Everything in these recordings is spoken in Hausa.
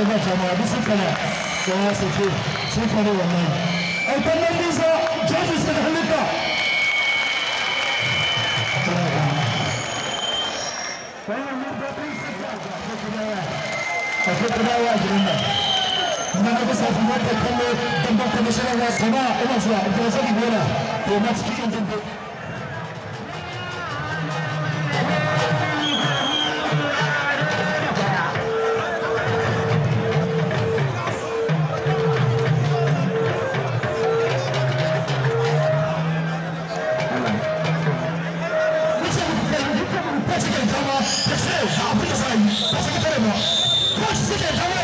ne ba ta ma bisu kana da ya sace sun fara wannan ai kallon bisa jefi sun halitta akwai kudawa a gidan nan muna na bisa fi mata kallo don ba kwamishinan wasu ma ina zuwa ita wasu ibola ko ma cikin injin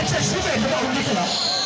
在实在内暴露技了。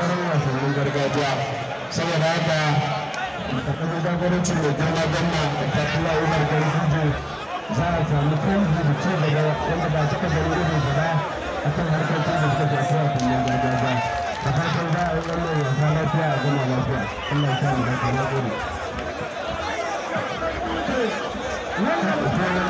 sauran wasannin gargajiya saboda da girma gwamna da kafila umar za a samu canji da ci gaba wanda a kan harkokin da suka shafi da za a yi wannan wasa lafiya a gama lafiya Allah da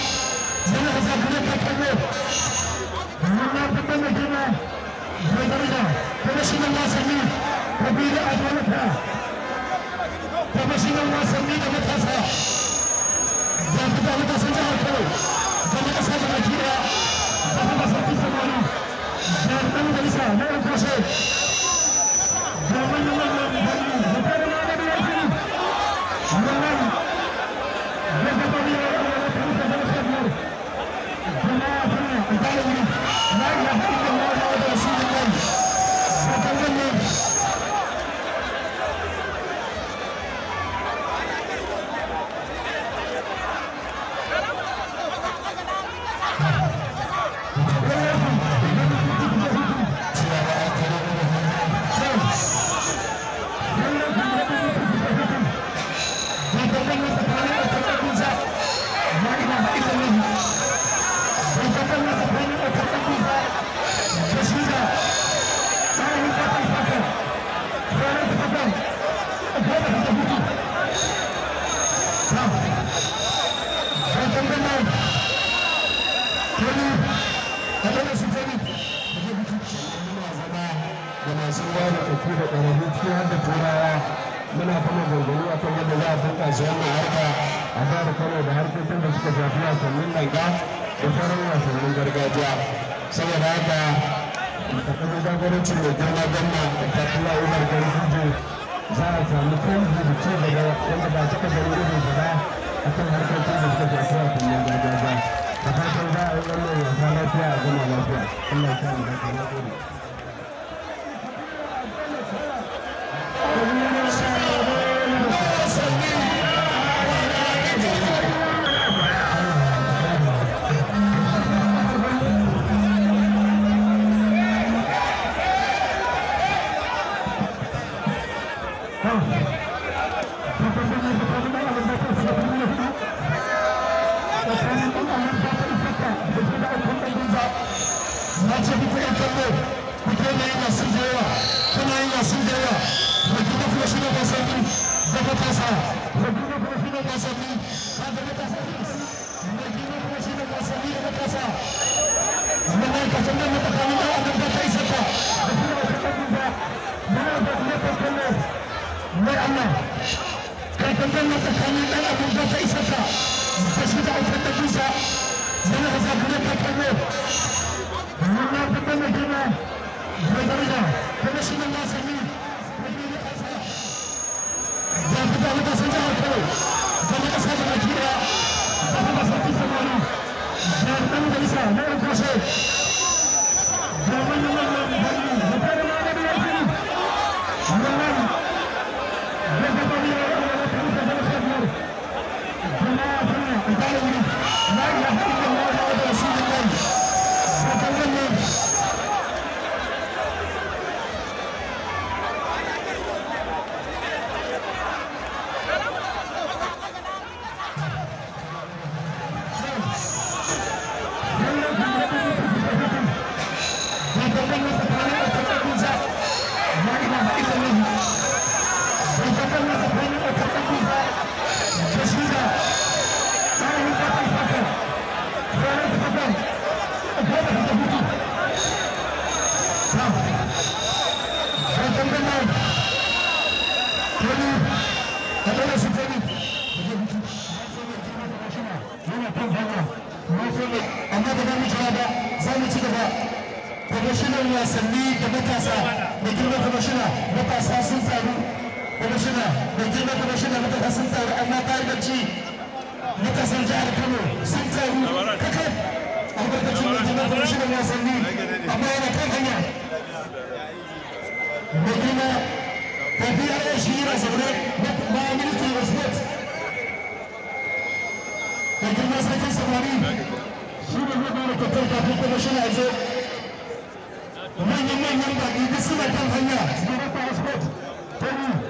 Brotherida, kwamishinan wasanni kabiru adwalata kwamishinan wasanni da matasa da fita matasan jihar kano da matasa da baki daya da kuma sarki samari da ɗan majalisa da masu ruwa da tafi da ƙwararru ciki har da turawa muna kuma gurguru a kan yadda za a bunƙasa wannan harka a ba da kano da harkokin da suka shafi a wasannin langa da sauran wasannin gargajiya saboda haka da kuma jagorancin mai girma gwamna da tafiya umar gargajiya za a samu canji da ci gaba wanda ba cika gari irin ba a kan harkokin da suka shafi a wasannin gargajiya da fatan za a yi wannan wasa lafiya a gama lafiya Allah ya sa mu da ከገንዘብ ተካሚ ቀን አቡበተ ይሰፋ በሽዳ ተጠቂሳ የነዛ ብለተቀሎ እና ተጠመደና በደረጃ ተነሽና ሰሚ በአፍሪካ ለቀሰጫ አርከሎ በለቀሳ በናይጄሪያ በተባሰቲ ሰማኑ በርጠሙ ደሪሳ ለኤርትራ ሸ mafulin amma ba mu cewa ba za mu ci gaba kwamishinan wasanni da matasa da girma kwamishina matasa sun taru kwamishina da girma kwamishina matasa sun taru amma ƙarfaci matasan jihar kano sun taru kakan albarkacin da girma kwamishinan wasanni amma yana kan hanya da girma tafiyar shi yana zaune ba ministry of sports gari shi kafin kuma shi na zo manyan manyan suna kan hanya zai rufe